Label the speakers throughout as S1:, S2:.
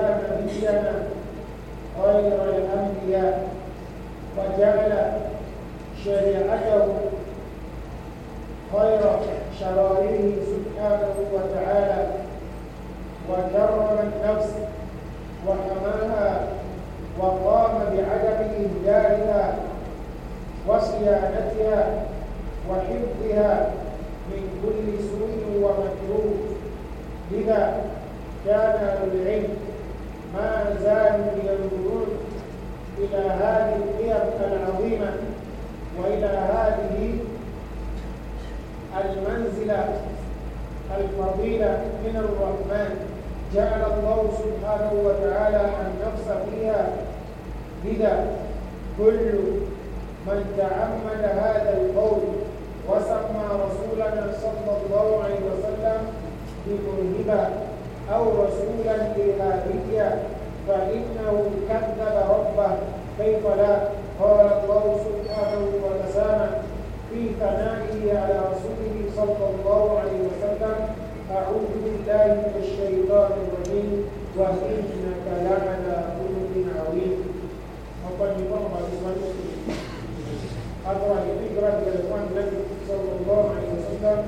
S1: جعل نبينا خير الأنبياء وجعل شريعته خير شرائعه سبحانه وتعالى وكرم النفس وحماها وقام بعدم إهدائها وصيانتها وحفظها من كل سوء ومكروه لذا كان العلم ما زالوا ينظرون إلى هذه القيم العظيمة وإلى هذه المنزلة الفضيلة من الرحمن جعل الله سبحانه وتعالى النفس فيها لذا كل من تعمد هذا القول وسمى رسولنا صلى الله عليه وسلم بمرهبه أو رسولا إلهيا فإنه كذب ربه كيف لا قال الله سبحانه وتعالى في ثنائه على رسوله صلى الله عليه وسلم أعوذ بالله من الشيطان الرجيم وإنك لعلى خلق عظيم وقد نقرب بسم المسلمين أقرأ الفكرة للإخوان صلى الله عليه وسلم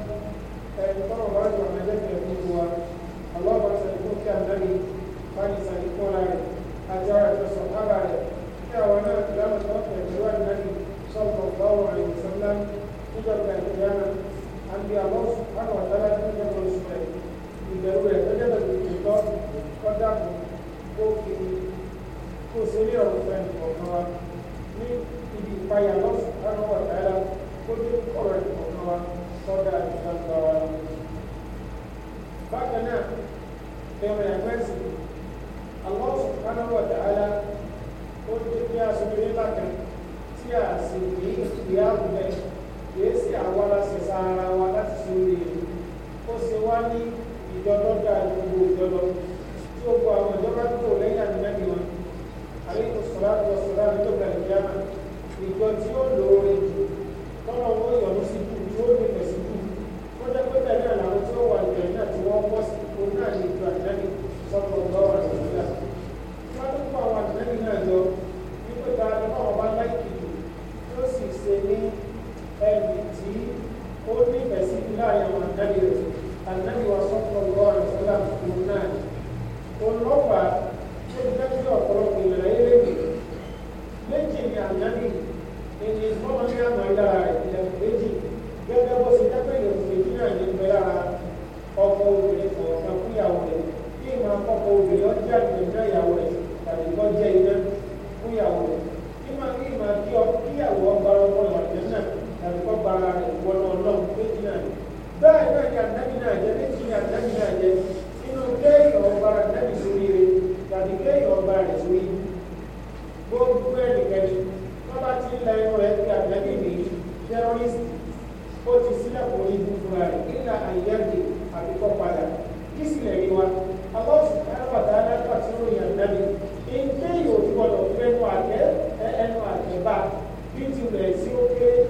S1: أن ترى رجل àwọn ọba sàdékún kí ànábì fani sàdékún ra rẹ̀ àti ara rẹ̀ sọ ábà rẹ̀ kí àwọn náà ti láwọn tó wọ́n pẹ̀lú ànábì sọ̀rọ̀ báwọn àyè sọ́lá nígbà tí àti yára àti àwọn àwọn àtàlà tó ń jẹun oṣù rẹ̀ ìbẹ̀rù rẹ̀ tó jẹ́ pẹ̀lú ìtọ́ kọ́dà kó fi bákan náà ẹ̀rọ ẹ̀mẹ́sì Allah subhanahu wa ta'ala ó ti bí aṣojú nílá kan tí a sì ní ìyá àbúlẹ̀ kìí sí àwa la sì sa ara wa láti ṣe orí èlú ó sì wá ní ìjọlọ́gà gbogbo ìjọlọ tí ó kọ àwọn ìjọba tó lẹ́yìn àmì wọn àríkò sọ̀rọ̀ sọ̀rọ̀ àmì tó gbà ìjọba ìjọ tí ó lò tọ́lọ́ ó yọ̀nú sí kù tí ó lè jẹ́ pé bẹ́ẹ̀ náà làwọn tí ó wà ìjọ náà tí wọ́n bọ́ sí ipò náà ní ìjọ àjẹ́ni sọ́kọ̀ lọ́wọ́ àjọyà wọ́n tó kó àwọn àjẹ́ni náà jọ wípé ta ni báwọn bá láìkìlì tí ó sì ṣe ní ẹni tí ó ní ìfẹ̀sí láàrin àwọn àjẹ́ni rẹ̀ àjẹ́ni wa sọ́kọ̀ lọ́wọ́ àjọyà ipò gẹ́gẹ́ bó ṣe jẹ́pẹ́ ìrẹ̀wò méjì náà ní pẹ́ lára ọkọ obìnrin kọ̀ọ̀kan fún ìyàwó rẹ̀ kí ìmọ̀ akọ́kọ obìnrin ọjọ́ àgbẹ̀jọ ìyàwó rẹ̀ tàbí kọ́ jẹ́ iná fún ìyàwó rẹ̀ kí ìmọ̀ kí ìmọ̀ kí ìyàwó ọgbà ọmọ ìyàwó náà tàbí kọ́ gba ara rẹ̀ wọnà ọlọ́run méjì náà bẹ́ẹ̀ náà ni àdáni náà jẹ́ méjì ni àdáni náà jẹ́ inú kéèyàn ọgbà àdáni sórí rẹ̀ tàbí kéèyàn ọgbà rẹ̀ sórí gbogbo ẹnìkẹ́ni ó ti sílẹ̀ kò ní ibú fúnra rẹ̀ nígbà àyíyáde àbíkọ́ padà kí sì lè rí wa àwọn sùkárà dáadáa pàtí ó yàn dábì ìgbé ìròyìn gbọdọ̀ fẹ́nu àtẹ ẹnu àtẹ̀bá bí tilẹ̀ sí ó kéré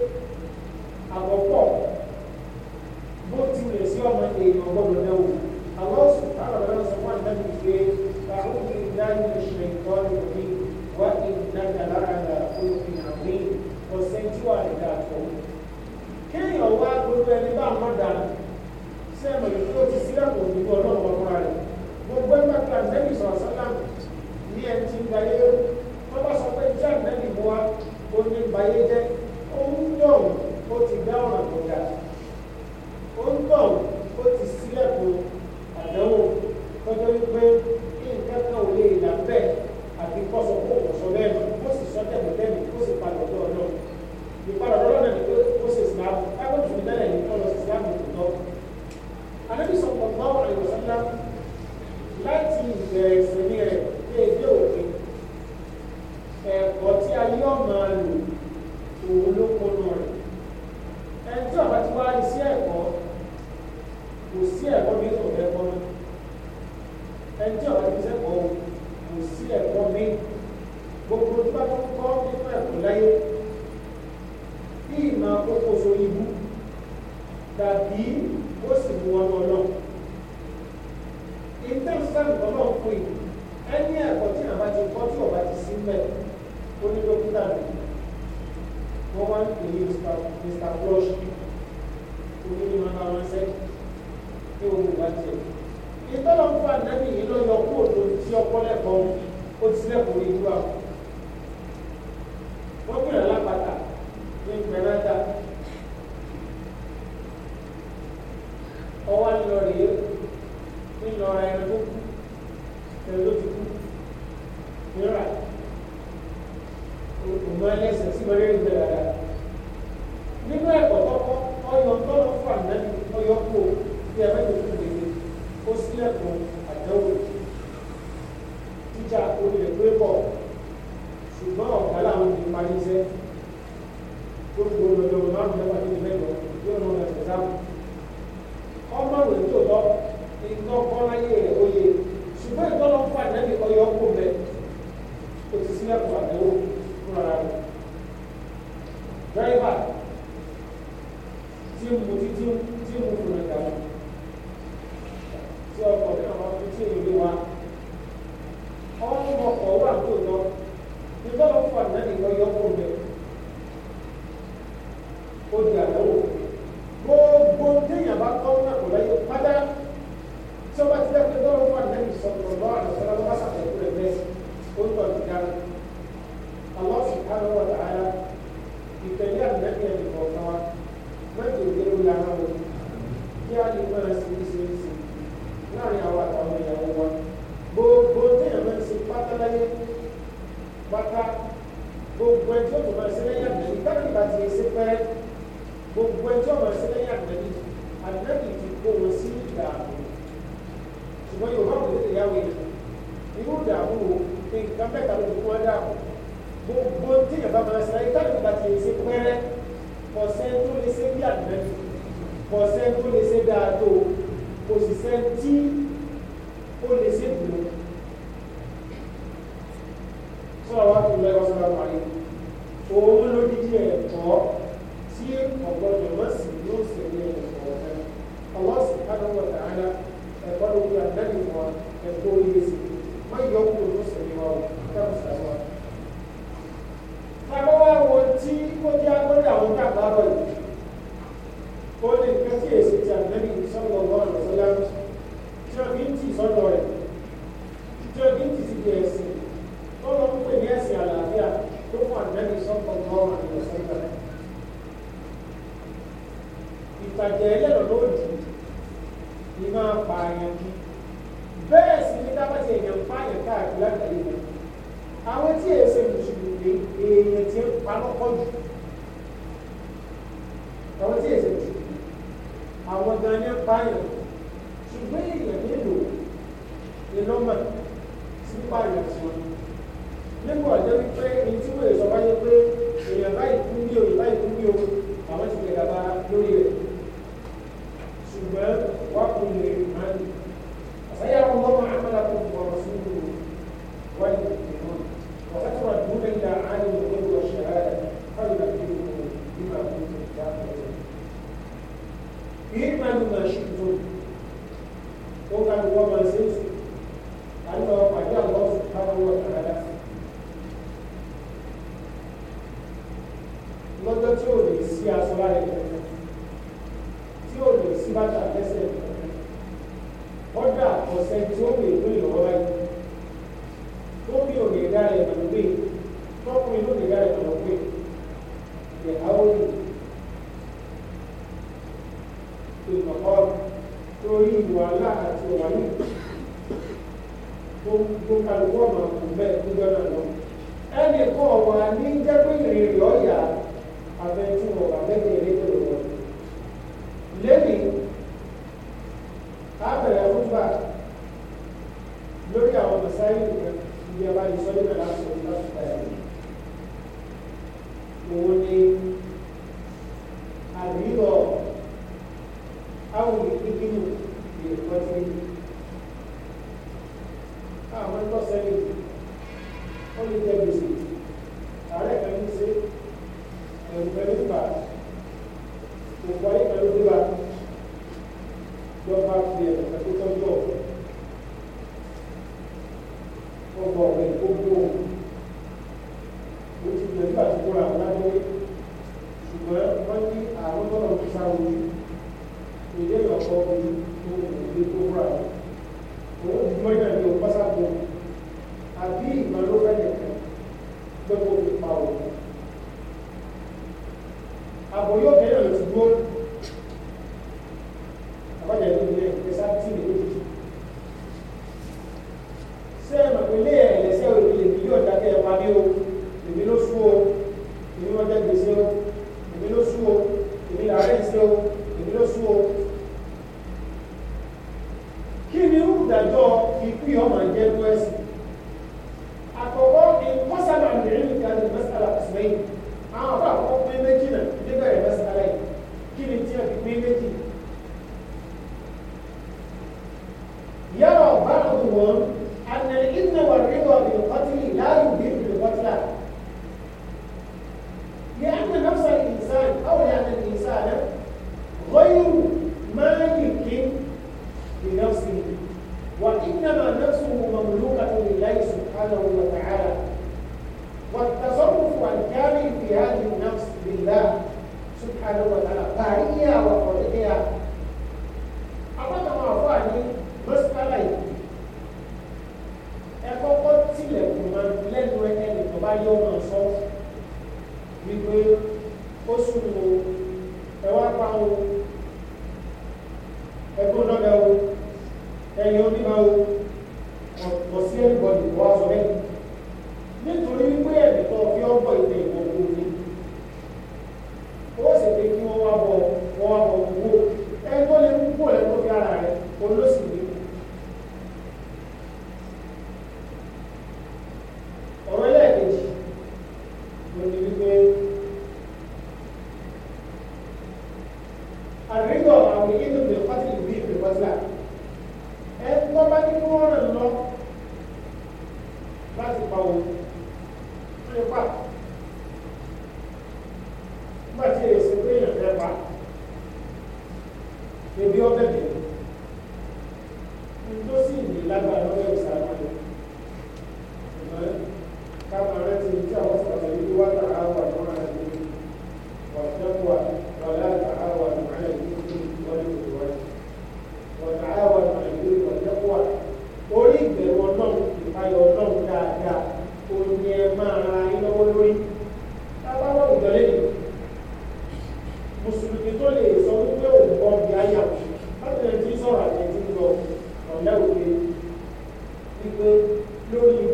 S1: àwọn gan ní pààyàn ṣùgbọ́n èèyàn nílò ìlọ́mọ̀ sí pààyàn tí wọn nígbà ọjọ́ wípé ní tí wọ́n lè sọ wáyé pé èèyàn báyìí kú bí o ìbáyìí kú bí o àwọn ti gbẹ̀dàgbà lórí rẹ̀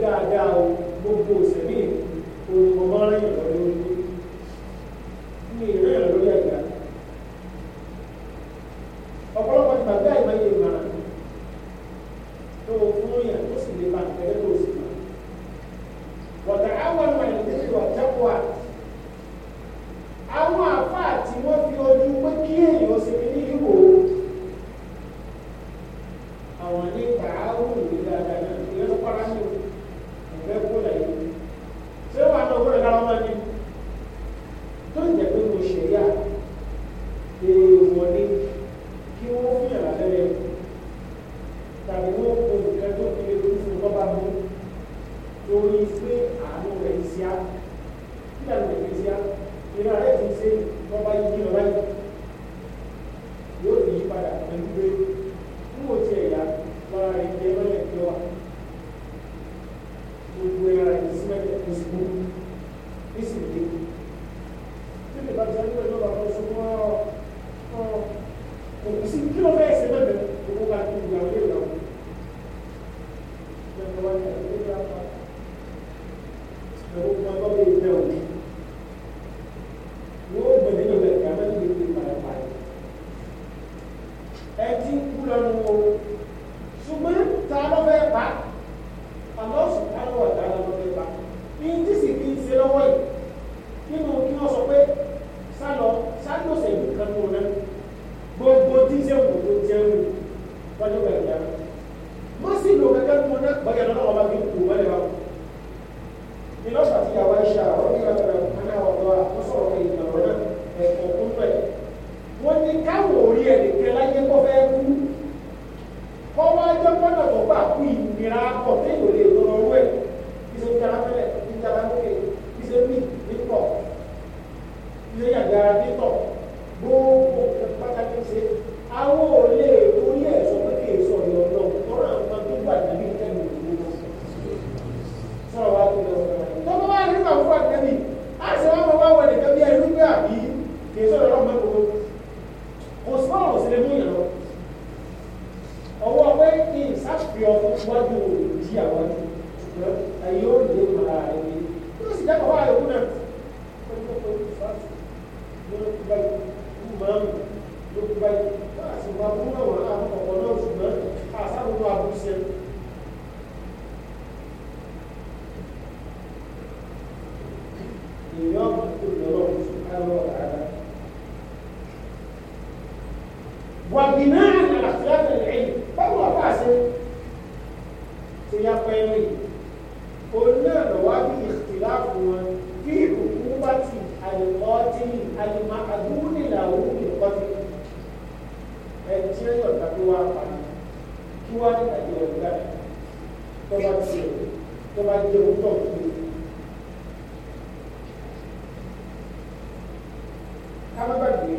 S1: dáadáa o gbogbo òsèlú ìlú olùkọ́ mọ́rán ìrọ̀lẹ́ divisé pour le diable. Pas Masih dua kali monak bagi anak-anak orang itu, bá jẹ́ òótọ́ òkú. ká má gbàgbé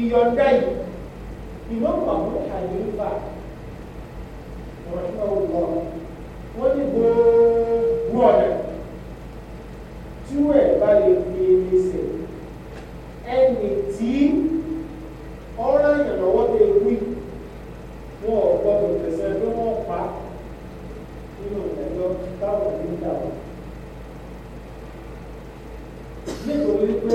S1: ìyọ̀ǹda yìí ìmọ̀mù àwọn àyèéfà ọ̀rọ̀ ọ̀wọ̀ wọ́n ní gbogbo ọ̀nà tí wọ́n ẹ̀ bá lè fi ẹni sẹ̀ ẹni tí ọ̀rọ̀ ìrànlọ́wọ́ tó ewu wọn ò gbọdọ̀ tẹ̀sẹ̀ pé wọ́n pa nínú ìdájọ́ táwọn ní nítorí pé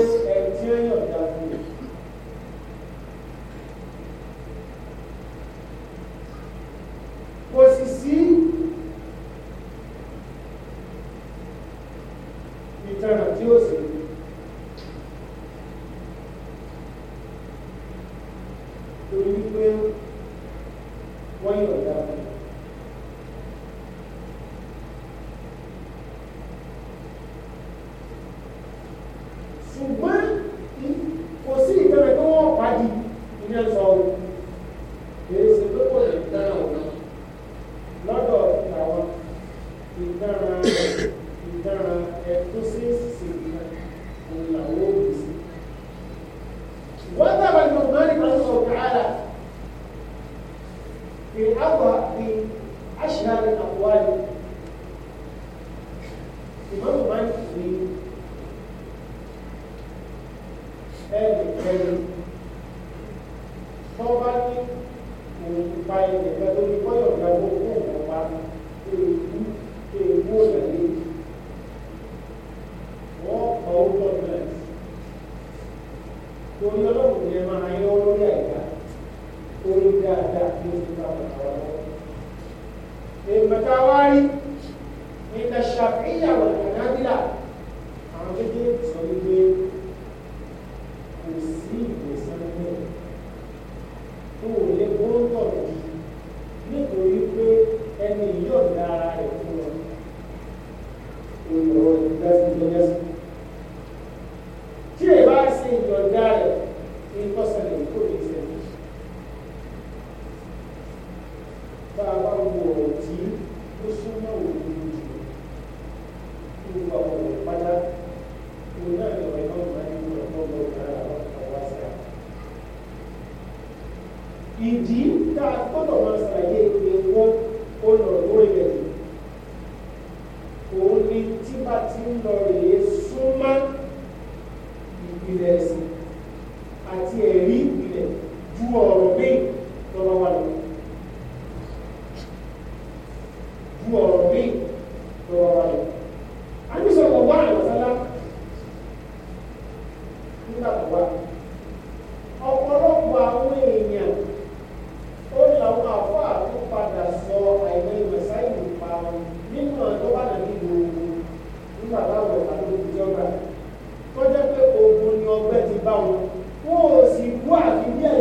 S1: vamos 11, 4, e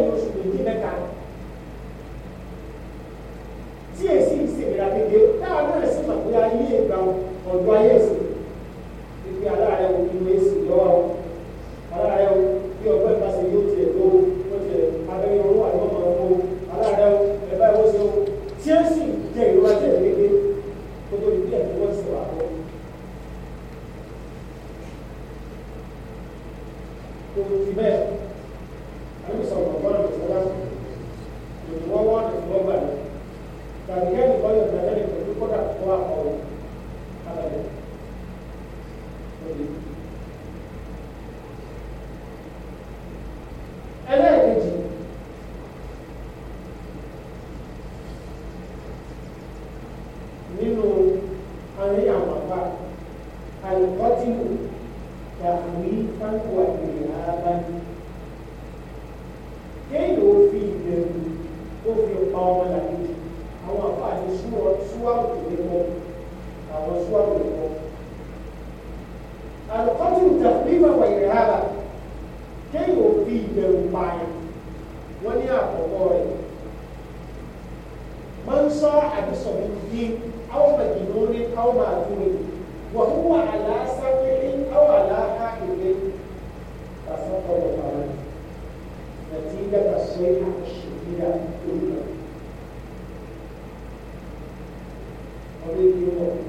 S1: How did you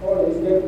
S1: know? is there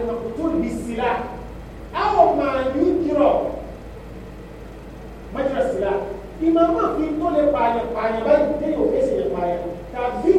S1: المقتول بالسلاح أو ما يجرى مجرى السلاح ìmọ̀ àwọn àfihàn tó lè pààyàn pààyàn báyìí déyìí òfin sì lè pààyàn tàbí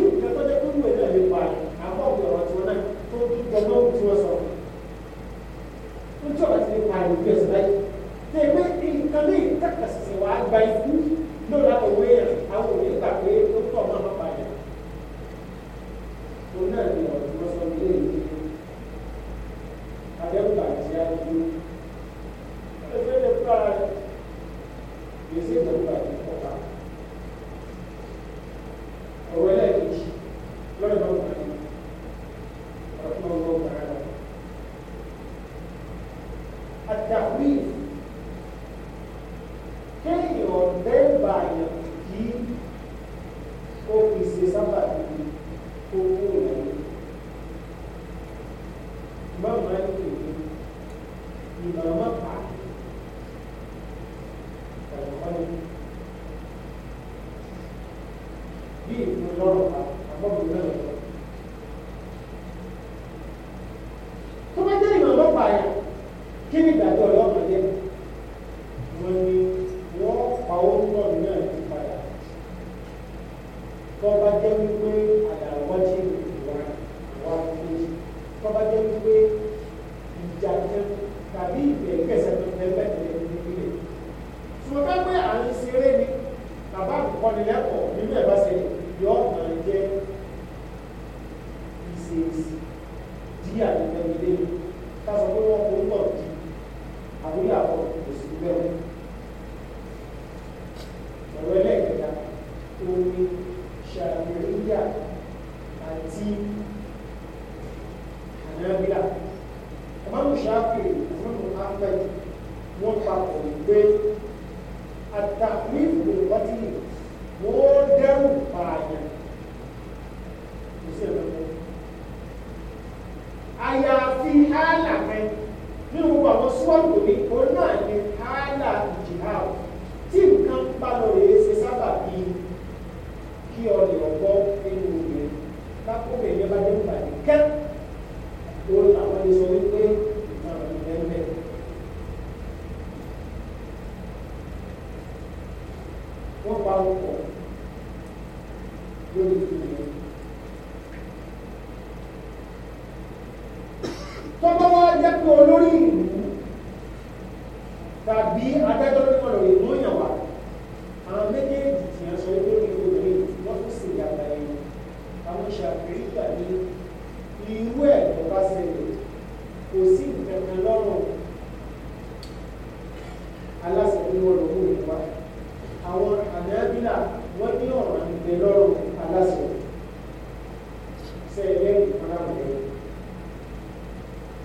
S1: سيدين فنام ليه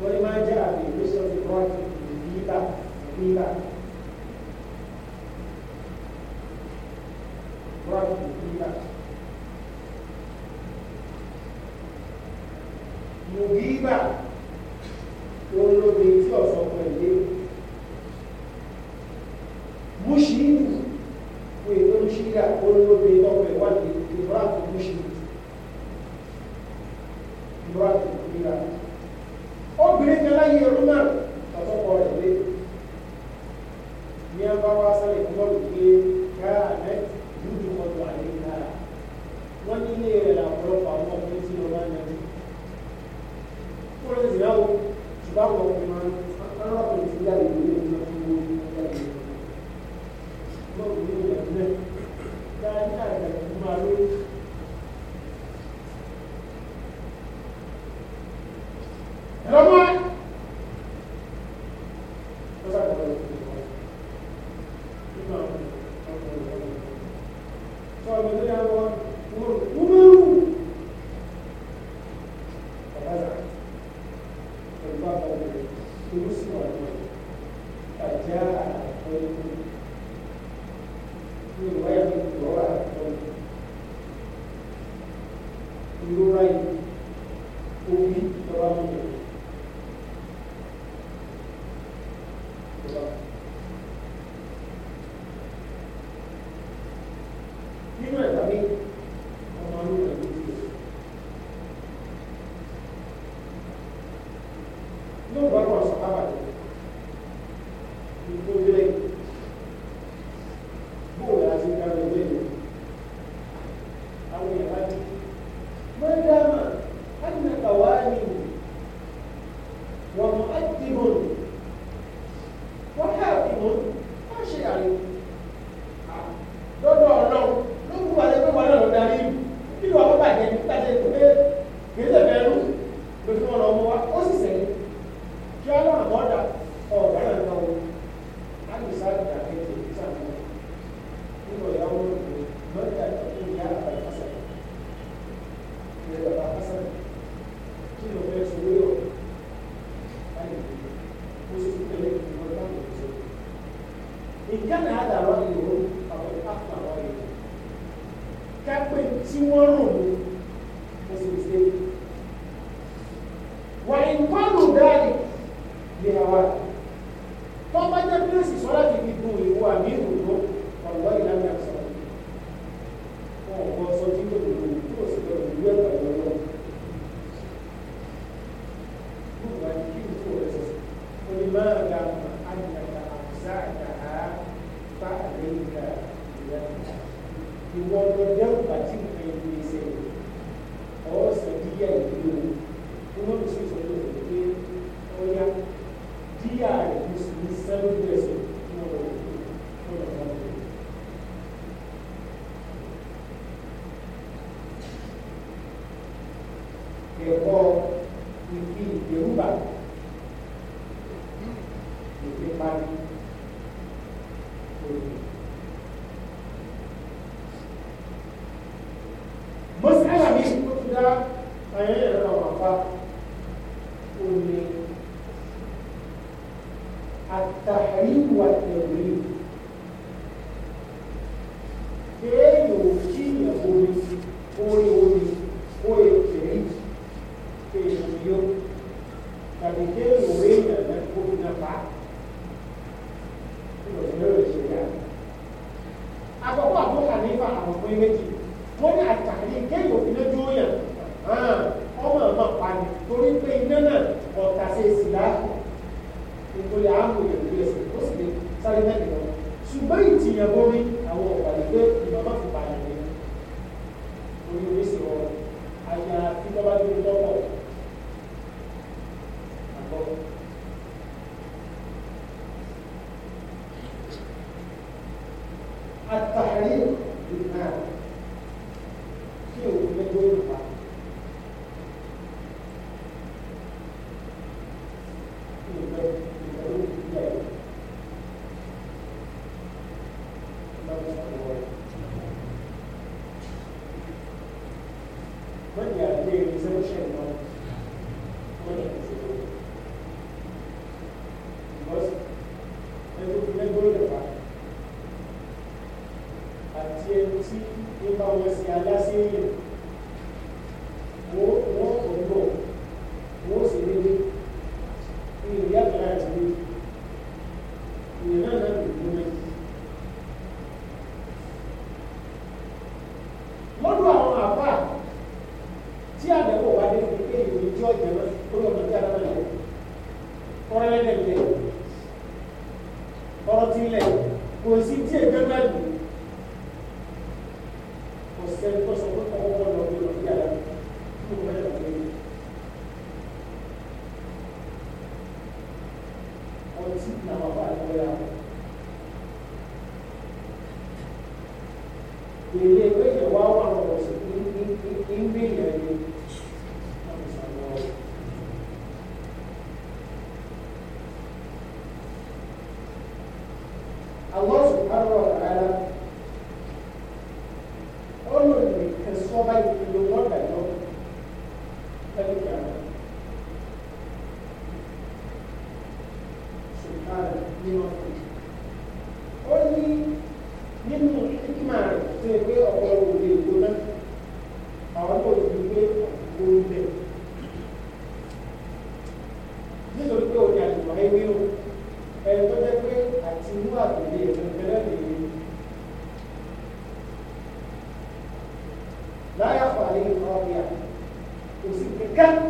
S1: ولما جاء في مسلم في الغرب في البيبة díẹ̀ nínú wọn wọ́n ti sọ yóò wọ́n pé most important. تقسيماته من كلامه لا يخفى عليه القاطع يعني. يمسك بالكهف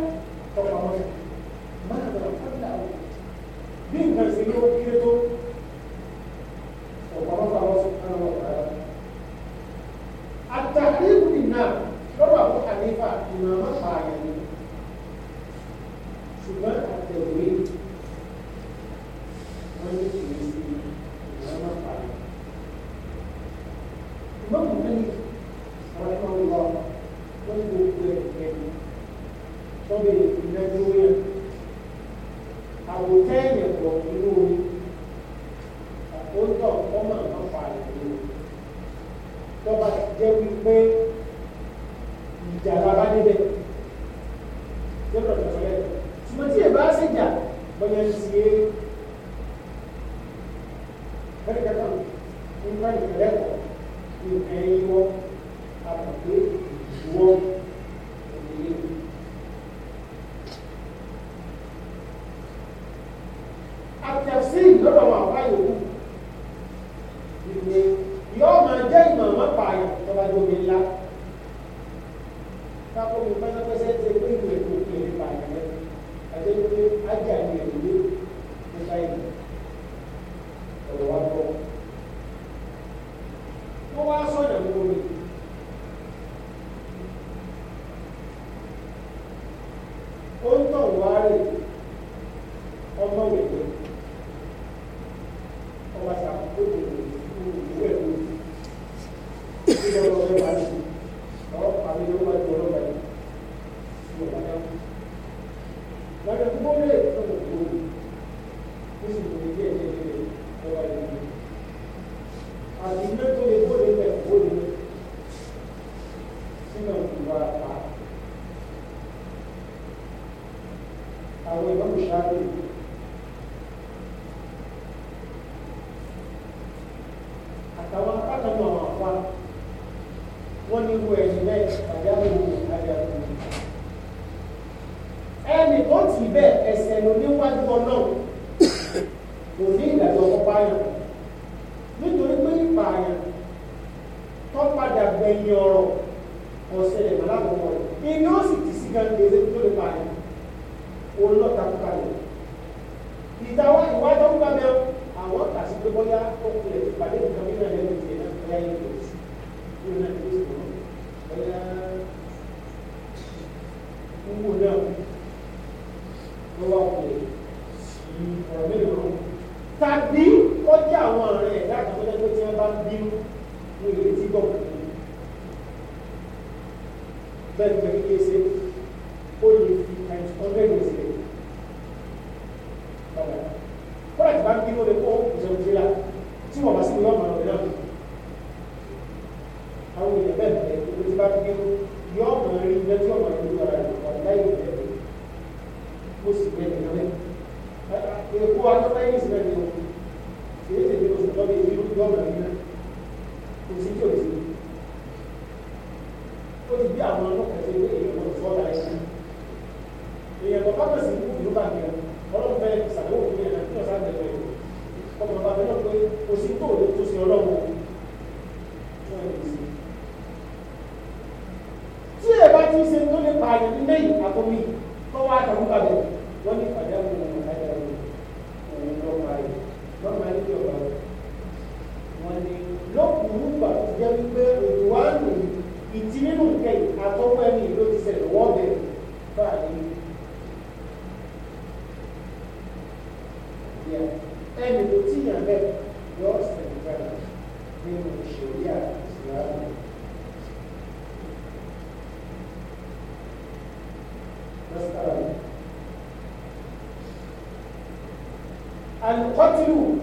S1: القتل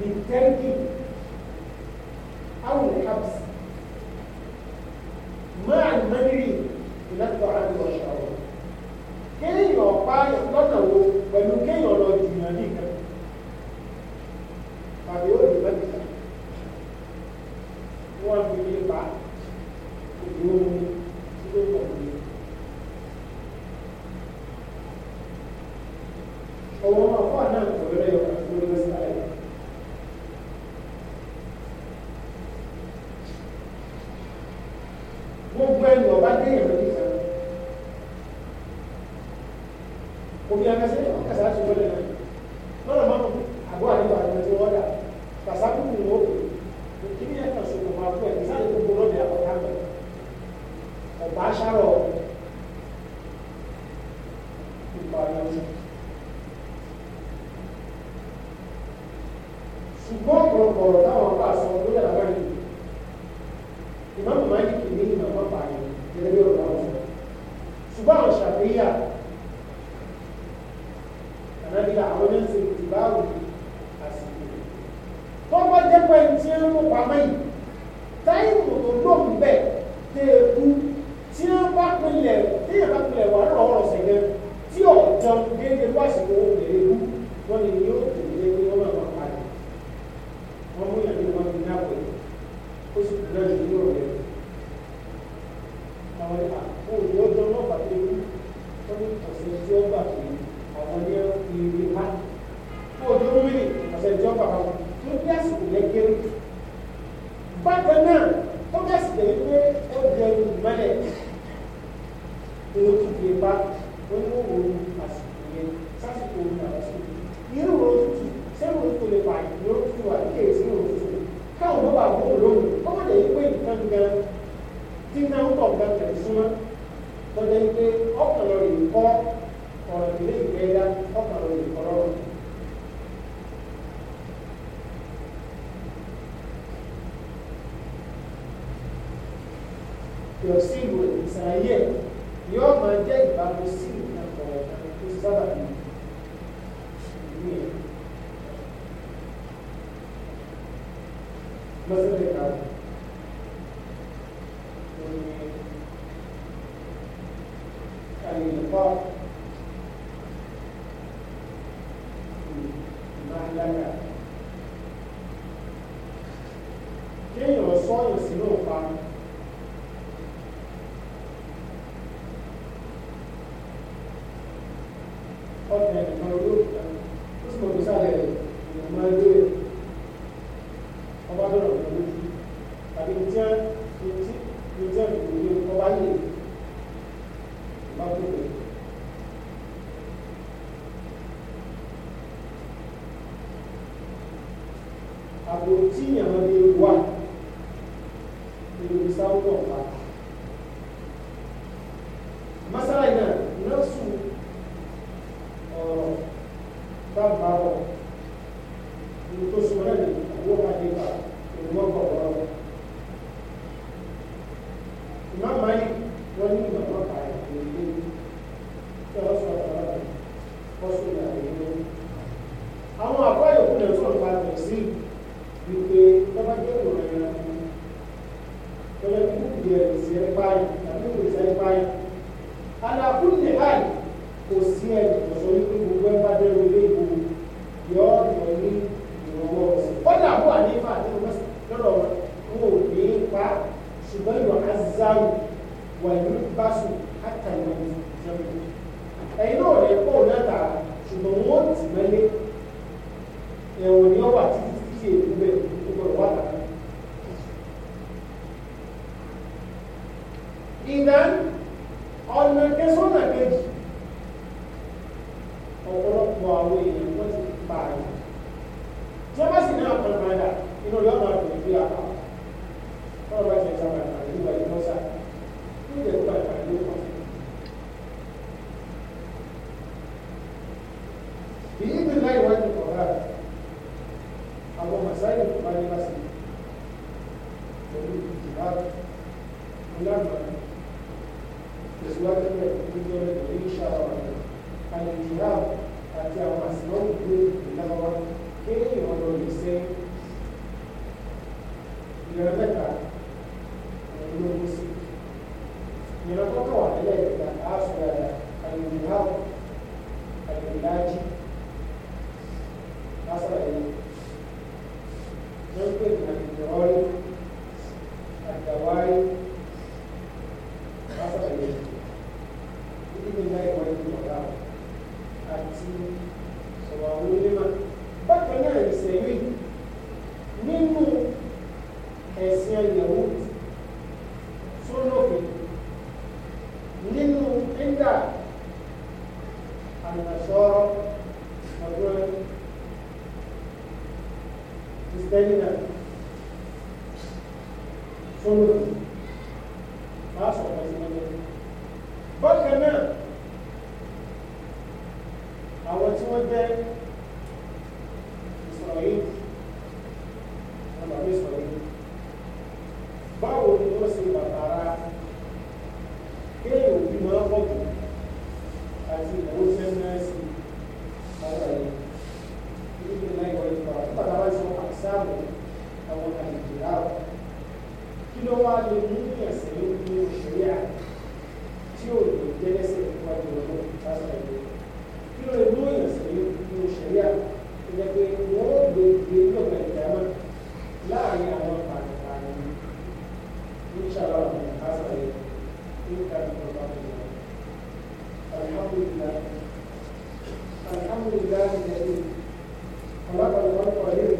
S1: بالترك أو الحبس مع المنع من الطعام والشراب kéèyàn pààyàn lọ́nà wo pẹ̀lú kéèyàn lọ jùyàn ní ìkan tàbí ó lè mẹ́ta wọ́n fi lè pààyàn. ni ó ti gbé bá ó ní òwò ní àsìkò yẹn sásìkò ní àsìkò irú òwò tutù sẹ́wọ̀n tó lè pa ìdúró tutù àti kéèsì òwò tutù káwọn ló bá gbóhùn lóhùn ó má lè pé nǹkan gan tí náà ń tọ̀ gan tẹ̀lé súnmọ́ lọ́jọ́ yìí pé ọkàn lọ yóò máa jẹ́ ìbámu sí nǹkan kọ̀ọ̀kan tó sábà ní.